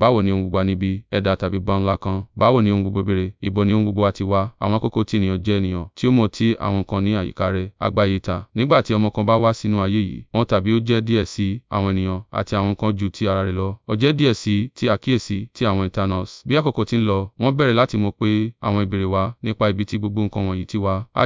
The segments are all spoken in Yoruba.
Báwo ni ohun gbogbo àníbi, ẹ̀dá tàbí ìbọn ńlá kan? Báwo ni ohun gbogbo béèrè? Ibo ni ohun gbogbo wa ti wá? Àwọn àkókò tí ènìyàn jẹ́ ènìyàn tí ó mọ̀ tí àwọn nǹkan ní àyíká rẹ̀. Àgbáyé ìta. Nígbà tí ọmọ kan bá wá sínú ayé yìí, wọ́n tàbí ó jẹ́ díẹ̀ sí àwọn ènìyàn àti àwọn nǹkan ju ti ara rẹ̀ lọ. Ó jẹ́ díẹ̀ sí ti àkíyèsí ti àwọn ìtanas. Bí àkókò ti ń lọ, wọ́n bẹ̀rẹ̀ láti mọ̀ pé àwọn ìbéèrè wa nípa ibi tí gbogbo nǹkan wọ̀nyí ti wá. A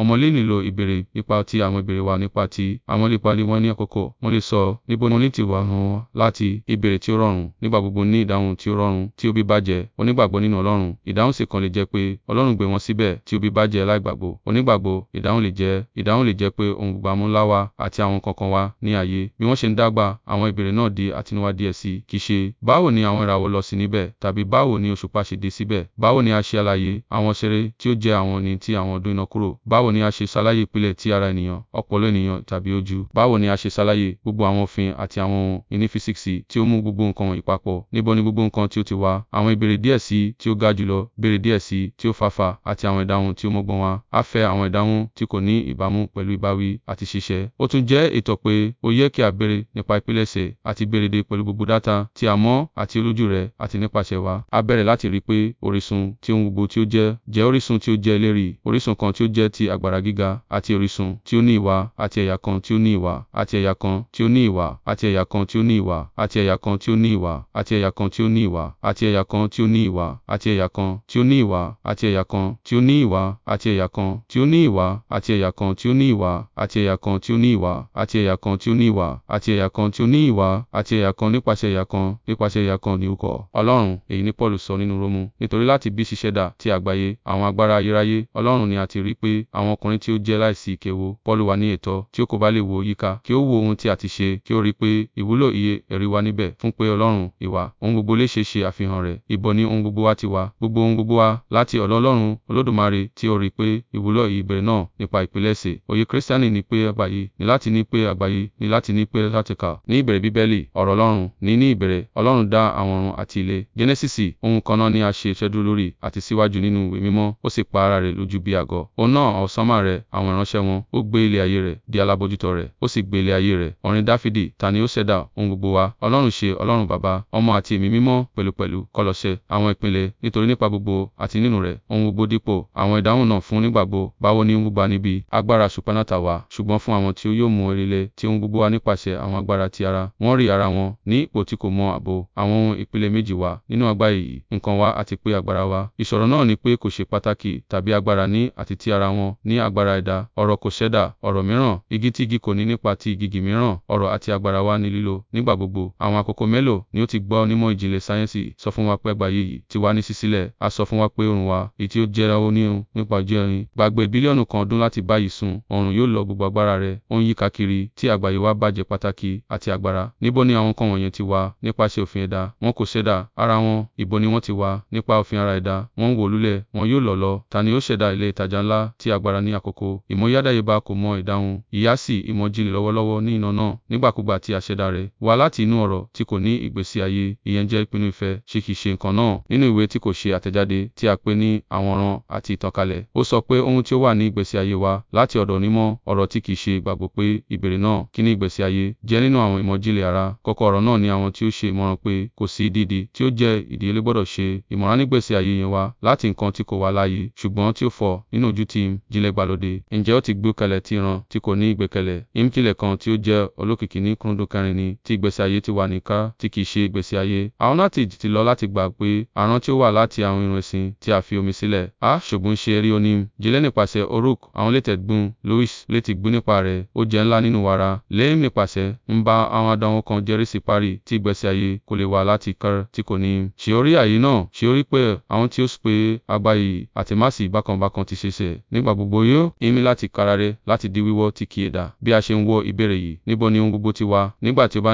ọmọ, lè nílò ìbéèrè nípa ti àwọn ìbéèrè wa nípa ti àwọn ìlépa ilé wọn ní àkókò. Wọ́n lè sọ, níbo ni wọ́n ní ti wá hàn láti ìbéèrè tí ó rọrùn nígbà gbogbo gbogbo ní ìdáhùn tí ó rọrùn tí ó bí bàjẹ́ onígbàgbọ́ nínú Ọlọ́run. Ìdáhùn sì kan lè jẹ́ pé Ọlọ́run gbé wọn síbẹ̀ tí ó bí bàjẹ́ aláìgbàgbọ́. Onígbàgbọ́ ìdáhùn lè jẹ́ ìdáhùn lè jẹ́ pé ohun gbogbo amúńlá wa àti àwọn kankan wa ní ayé. Bí wọ́n ṣe ń dàgbà, àwọn ìbéèrè náà di àtinúwá díẹ̀ sí Kì í ṣe báwo ni àwọn ìràwọ̀ lọ sí níbẹ̀ tàbí báwo ni òṣùpá ṣe dé síbẹ̀. Báwo ni a ṣe àlàyé àwọn ṣeré tí ó jẹ́ àwọn ní ti àwọn ọdún iná kúrò. Báwo ni a ṣe ṣàlàyé ìpìlẹ̀ ti ara ènìyàn, ọpọlọ ènìyàn tàbí ojú. Báwo ni a ṣe ṣàlàyé gbogbo àwọn òfin àti àwọn ohun ìní físíksì tí ó mú gbogbo nǹkan wọ̀nyí papọ̀ níbo ni gbogbo nǹkan tí ó ti wá, àwọn ìbéèrè díẹ̀ sí i tí ó ga jùlọ, béèrè díẹ̀ sí i tí ó fafa, àti àwọn ìdáhùn tí ó mọ́gbọ́n wá. A fẹ́ àwọn ìdáhùn tí kò ní ìbámu pẹ̀lú ìbáwí àti ṣíṣe. Ó tún jẹ́ ètò pé ó yẹ kí a béèrè nípa ìpilẹ̀ṣẹ̀ àti ìgbèrèdé pẹ̀lú gbogbo dátà tí a mọ̀ àti olójú rẹ̀ àti nípasẹ̀ wa. A bẹ̀rẹ̀ láti rí i pé orísun tí ohun gbogbo tí ó jẹ́, jẹ́ orísun tí ó jẹ́ ìlérí, orísun kan tí ó jẹ́ ti agbára gíga, àti orísun tí ó ní ìwà, àti ẹ̀yà kan tí ó ní ìwà, àti ẹ̀yà kan tí ó ní ìwà, àti ẹ̀yà kan tí ó ní ìwà, àti ẹ̀yà kan tí ó ní ìwà, àti àti ẹ̀yà kan tí ó ní ìwà, àti ẹ̀yà kan tí ó ní ìwà, àti ẹ̀yà kan tí ó ní ìwà, àti ẹ̀yà kan tí ó ní ìwà, àti ẹ̀yà kan tí ó ní ìwà, àti ẹ̀yà kan tí ó ní ìwà, àti ẹ̀yà kan tí ó ní ìwà, àti ẹ̀yà kan tí ó ní ìwà, àti ẹ̀yà kan tí ó ní ìwà, àti ẹ̀yà kan nípasẹ̀ ẹ̀yà kan, nípasẹ̀ ẹ̀yà kan ni orúkọ Ọlọ́run. Èyí ni Paulu sọ nínú Rómù. Nítorí láti bí ṣíṣẹ̀dá ti àgbáyé, àwọn agbára ayérayé, Ọlọ́run ni a ti rí pé àwọn ọkùnrin tí ó jẹ́ láìsí ìkéwó, Paulu wà ní ẹ̀tọ́ tí ó kò bá lè wo yíká, kí ó wo ohun tí a ti ṣe, kí ó rí pé ìwúlò iye ẹ̀rí wà níbẹ̀ fún pé Ọlọ́run, ìwà wa, ohun gbogbo lè ṣe ṣe àfihàn rẹ̀. Ibo ni ohun gbogbo wa ti wá? Gbogbo ohun gbogbo wá láti ọ̀dọ̀ Ọlọ́run Olódùmarè tí ó rí pé ìwúlò èyí bẹ̀rẹ̀ náà nípa ìpilẹ̀ṣẹ̀. Òye Kristiánì ni pé àgbáyé ni láti ní pé àgbáyé ni láti ní pé láti kà. Ní ìbẹ̀rẹ̀ Bíbélì, ọ̀rọ̀ Ọlọ́run ní ní ìbẹ̀rẹ̀, Ọlọ́run dá àwọn ọ̀run àti ilẹ̀. Jenesisi, ohun kan náà ni a ṣe ìṣẹ́dúró lórí àti síwájú nínú ìwé mímọ́, ó sì pa ara rẹ̀ lójú bí àgọ́. Ó ná àwọn rẹ̀, àwọn ìránṣẹ́ wọn, ó gbé ilé ayé rẹ̀ di alábòjútó rẹ̀, ó sì gbé ilé ayé rẹ̀. Orin Dafidi, ta ni ó ṣẹ̀dá ohun gbogbo wa? Ọlọ́run ṣe Ọlọ́run Baba, Ọmọ ọmọ àti ẹ̀mí mímọ́ pẹ̀lúpẹ̀lú kọlọ̀ṣe àwọn ìpìlẹ̀ nítorí nípa gbogbo àti nínú rẹ̀ ohun gbogbo dípò àwọn ìdáhùn náà fún nígbàgbọ́ báwo ni gbogbo níbi agbára supernata wà ṣùgbọ́n fún àwọn tí ó yóò mú orílẹ̀ tí ohun gbogbo wá nípasẹ̀ àwọn agbára ti ara wọ́n rí ara wọn ní ipò tí kò mọ ààbò àwọn ohun ìpìlẹ̀ méjì wà nínú àgbáyé yìí nǹkan wa àti pé agbára wa ìṣòro náà ni pé kò ṣe pàtàkì tàbí agbára ní àti ti ara wọn ní agbára ẹ̀dá ọ̀rọ̀ kò ṣẹ̀dá ọ̀rọ̀ mìíràn igi tí igi kò ní nípa ti igi mìíràn ọ̀rọ̀ àti agbára wa ní lílò nígbà gbogbo àwọn àkókò mélòó ni ó ti gbọ́ wa onímọ̀ ìjìnlẹ̀ sáyẹ́ǹsì sọ fún wa pé àgbáyé yìí ti wà ní ṣíṣílẹ̀. A sọ fún wa pé oòrùn wa, èyí tí ó jẹ́ onírun nípa ojú ẹ̀rin, gbàgbé bílíọ̀nù kan ọdún láti báyìí sùn, oòrùn yóò lọ gbogbo agbára rẹ̀, ó ń yí káàkiri, tí àgbáyé wa bàjẹ́ pàtàkì àti agbára. Níbo ni àwọn nǹkan wọ̀nyẹn ti wá? Nípasẹ̀ òfin ẹ̀dá, wọn kò ṣẹ̀dá ara wọn, ibo ni wọ́n ti wá? Nípa òfin ara ẹ̀dá, wọ́n ń wó lulẹ̀, wọn yóò lọ lọ. Ta ni ó ṣẹ̀dá ilé ìtajà ńlá tí agbára ní àkókò? Ìmọ̀ye àdáyébá kò mọ ìdáhùn, ìyàsí ìmọ̀ ìjìnlẹ̀ lọ́wọ́lọ́wọ́ ní iná nígbàkúgbà tí a ṣẹ̀dá rẹ̀, wá láti inú ọ̀rọ̀ tí kò ní ìgbésí ayé ìyẹn jẹ́ ìpinnu ìfẹ́, ṣe kìí ṣe nǹkan náà. Nínú ìwé tí kò ṣe àtẹ̀jáde tí a pè ní Àwòrán àti Ìtànkálẹ̀, ó sọ pé ohun tí ó wà ní ìgbésí ayé wa láti ọ̀dọ̀ onímọ̀ ọ̀rọ̀ tí kì í ṣe ìgbàgbọ́ pé ìbéèrè náà “Kí ni ìgbésí ayé?” jẹ́ nínú àwọn ìmọ̀jìnlẹ̀ ara. Kókó ọ̀rọ̀ náà ni àwọn tí ó ṣe ìmọ̀ràn pé kò sí ìdíde tí ó jẹ́ ìdíyelé gbọdọ̀ ṣe ìmọ̀rànígbésí ayé yẹn wá láti nǹkan tí kò wà láàyè, ṣùgbọ́n tí ó fọ̀ nínú ojú ti ìjìnlẹ̀ ìgbàlódé. Ǹjẹ́ ó ti gbẹ́kẹ̀lé ti ìran tí kò ní ìgbẹ́kẹ̀lé? Ìmìtìlẹ̀ kan tí ó jẹ́ olókìkí ní kúrúndùn kẹrin ni ti ìgbésí ayé tí wà níkà, tí kì í ṣe ìgbésí ayé. Àwọn láti Íjíbítì lọ láti gbà pé àrán tí ó wá láti àwọn irun ẹ̀sìn tí a fi omi sílẹ̀. A ṣògùn ṣe eré oní jílẹ̀ nípasẹ̀ Oruk, àwọn létẹ̀ gbún, Louis létí gbún nípa rẹ̀, ó jẹ́ ńlá nínú wàrà. Lẹ́hìn nípasẹ̀ ń bá àwọn àdánwò kan jẹ́rìísí parí tí ìgbésí ayé kò lè wá láti kẹ́r tí kò ní. Ṣé o rí ààyè náà? Ṣé o rí pé àwọn tí ó pé àgbáyé àti màsì bákan bákan ti ṣeṣe nígbà gbogbo yóò ìmí láti kára rẹ̀ láti di wíwọ́ tí kì í dà. Bí a ṣe ń wo ìbéèrè yìí, níbo ni ohun gbogbo ti wá? Nígbà tí ó bá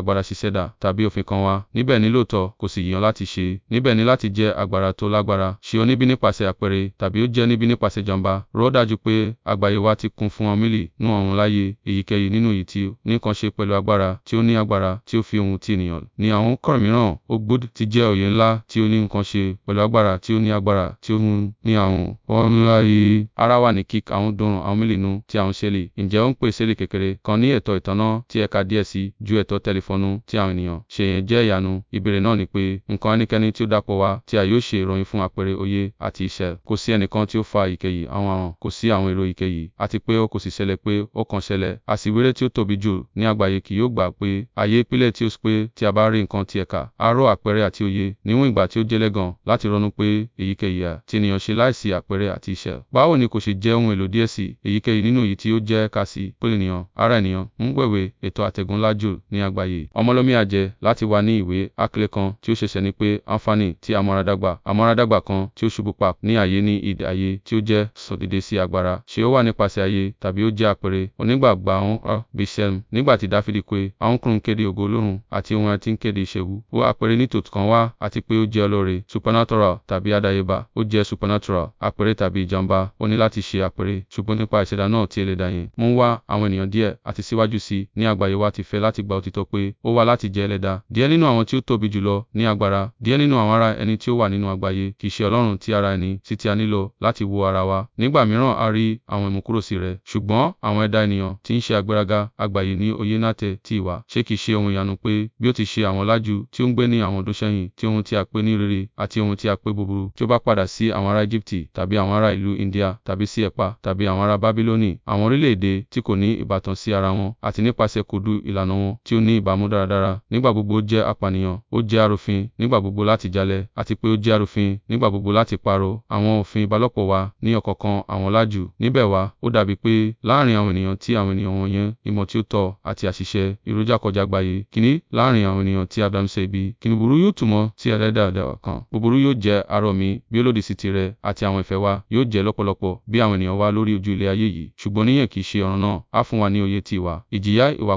agbára ṣiṣẹ́dá tàbí òfin kan wá, níbẹ̀ ni lóòótọ́ kò sì yàn láti ṣe, níbẹ̀ ni láti jẹ́ agbára tó lágbára, ṣe ó níbí nípasẹ̀ àpẹẹrẹ tàbí ó jẹ́ níbí nípasẹ̀ ìjàmbá, rọ́ dájú pé àgbáyé wa ti kún fún ọ̀ràn mìlì nú ọ̀run láyé, èyíkéyìí nínú èyí tí ó ní kan ṣe pẹ̀lú agbára tí ó ní agbára tí ó fi ohun ti ènìyàn. Ní àwọn kọ̀ mìíràn, Ogbud ti jẹ́ òye ńlá tí ó ní nǹkan ṣe pẹ̀lú agbára tí ó ní agbára tí ó mú ní àwọn ọ̀run yìí. Ara wà ní kíkà àwọn dùn àwọn mìlì nú ti àwọn ṣẹ́ẹ̀lì. Ǹjẹ́ ó ń pè ṣẹ́ẹ̀lì kékeré kan ní ẹ̀tọ́ ìtanná tí ẹ̀ka díẹ̀ sí ju ẹ̀tọ́ tẹlifóònù fọnú tí àwọn ènìyàn ṣe yẹn jẹ́ ìyanu. Ìbéèrè náà ni pé, nǹkan ẹnikẹ́ni tí ó dápọ̀ wá tí a yóò ṣe ìròyìn fún àpẹẹrẹ òye àti ìṣẹ́. Kò sí ẹnìkan tí ó fa èyíkéyìí àwọn àrùn, kò sí àwọn èrò èyíkéyìí, àti pé ó kò sì ṣẹlẹ̀ pé ó kàn ṣẹlẹ̀. Àṣìwéré tí ó tóbi jù ní àgbáyé kì yóò gbà pé ayé ìpìlẹ̀ tí ó pé tí a bá rí nǹkan ti ẹ̀ka, a rò àti òye, níwọ̀n ìgbà tí ó jẹ́lẹ̀ gan láti ronú pé èyíkéyìí à ààyè ọmọlọ́mí àjẹ́ láti wà ní ìwé àkílé kan tí ó ṣẹ̀ṣẹ̀ ni pé àǹfààní tí àmúradàgbà àmúradàgbà kan tí ó ṣubú pa ní ààyè ní ìdè ààyè tí ó jẹ́ sọdìde sí agbára ṣé ó wà nípasẹ̀ ààyè tàbí ó jẹ́ àpẹẹrẹ onígbàgbà ọ̀hún ọ̀ bí sẹ́m nígbà tí dáfídì pé àwọn ọkùnrin kéde ògo olórun àti ohun àti ń kéde ìṣèwú ó àpẹẹrẹ ní tòtù kan wá àti pé ó jẹ́ ọlọ́re supernatural tàbí àdáyébá ó jẹ́ supernatural àpẹẹrẹ tàbí ìjàmbá ó ní láti ṣe àpẹẹrẹ ṣùgbọ́n nípa ìṣẹ̀dá náà tí ẹlẹ́dàá yẹn mú wá àwọn ènìyàn díẹ̀ àti síwájú sí ní àgbáyé wa ti fẹ́ láti gba òtítọ́ pé pé ó wá láti jẹ ẹlẹ́dà. Díẹ̀ nínú àwọn tí ó tóbi jùlọ ní agbára, díẹ̀ nínú àwọn ara ẹni tí ó wà nínú àgbáyé, kì í ṣe Ọlọ́run ti ara ẹni sí tí a nílò láti wo ara wa. Nígbà mìíràn a rí àwọn ìmúkúròsí rẹ̀. Ṣùgbọ́n àwọn ẹ̀dá ènìyàn tí ń ṣe àgbéraga àgbáyé ní òye nàtẹ̀ ti ìwà. Ṣé kì ṣe ohun ìyanu pé bí ó ti ṣe àwọn ọ̀làjú tí ó ń gbé ní àwọn ọdún sẹ́yìn tí ohun tí a pè ní rere àti ohun tí a pè búburú tí ó bá padà sí àwọn ará Ejibiti tàbí àwọn ará ìlú India tàbí sí Ẹ̀pà tàbí àwọn ará Babiloni, àwọn orílẹ̀-èdè tí kò ní ìbátan sí ara wọn àti nípasẹ̀ kodu ìlànà wọn tí ó ní ìbátan ìbámu dáradára, nígbà gbogbo ó jẹ́ apànìyàn, ó jẹ́ arúfin nígbà gbogbo láti jalè, àti pé ó jẹ́ arúfin nígbà gbogbo láti parọ́. Àwọn òfin ìbálòpọ̀ wà ní ọ̀kánkán àwọn ọ̀làjú. Níbẹ̀ wá, ó dàbí pé láàrín àwọn ènìyàn tí àwọn ènìyàn wọ̀nyẹn, ìmọ̀ tí ó tọ́ àti àṣìṣe, ìròjà kọjá àgbáyé. Kínní, láàrín àwọn ènìyàn tí Ádámù ṣe ibi, kínní búburú yóò túmọ̀ sí ẹlẹ́dàá kan. Búburú yóò jẹ́ arọ mi bí ó sí tirẹ̀, àti àwọn ìfẹ́ wa yóò jẹ́ lọ́pọ̀lọ́pọ̀ bí àwọn ènìyàn wa lórí ojú ilẹ̀ ayé yìí. Ṣùgbọ́n yíyàn kì í ṣe ọ̀ràn náà, á fún wa ní òye ti ìwà. Ìjìyà ìwà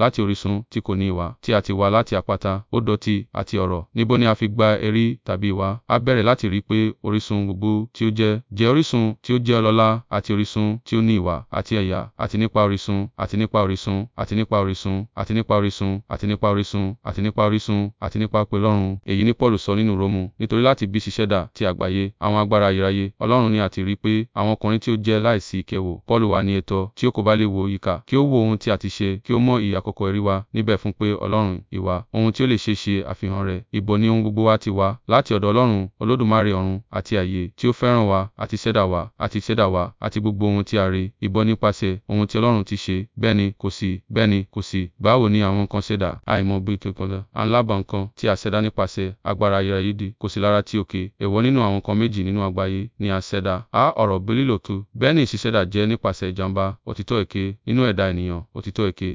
láti orísun tí kò kò ní ìwà, tí a ti wá láti àpáta, odò ti, àti ọ̀rọ̀, níbo ni a fi gba ẹ̀rí tàbí ìwà? A bẹ̀rẹ̀ láti rí i pé orísun gbogbo tí ó jẹ́, jẹ́ orísun tí ó jẹ́ ọlọ́lá, àti orísun tí ó ní ìwà, àti ẹ̀yà, àti nípa orísun, àti nípa orísun, àti nípa orísun, àti nípa orísun, àti nípa orísun, àti nípa orísun, àti nípa pé Ọlọ́run. Èyí ni Paulu sọ nínú Romu, nítorí láti bí ṣiṣẹ́dá ti àgbáyé, àwọn agbára ayérayé, Ọlọ́run ni a ti rí pé àwọn ọkùnrin tí ó jẹ́ láìsí ìkẹwò, Paulu wà ní ètò tí ó kò bá lè wo ìkà, kí ó wo ohun tí a ti ṣe, kí ó mọ ìyè àkókò ẹ̀rí wa, níbẹ̀ fún pé Ọlọ́run, ìwà, ohun tí ó lè ṣe ṣe àfihàn rẹ̀, ibo ni ohun gbogbo wa ti wá, láti ọ̀dọ̀ Ọlọ́run, Olódùmarè ọ̀run àti ayé, tí ó fẹ́ràn wa, àti ṣẹ̀dá wa, àti ṣẹ̀dá wa, àti gbogbo ohun tí a rí, ibo nípasẹ̀ ohun tí Ọlọ́run ti ṣe, bẹ́ẹ̀ ni kò sí, bẹ́ẹ̀ ni kò sí, báwo ni àwọn nǹkan ṣẹ̀dá, àìmọ̀ bí kankan, à ń lábàá nǹkan tí a ṣẹ̀dá nípasẹ̀ agbára ayérayédè, kò sí lára ti òkè, èwo nínú àwọn nǹkan méjì nínú àgbáyé ni a ṣẹ̀dá, a ọ̀rọ̀ bí lílòtú, bẹ́ẹ̀ ni ìṣísẹ̀dá jẹ́ nípasẹ̀ ìjàmbá, òtítọ́ èké, nínú ẹ̀dá ènìyàn, òtítọ́ èké.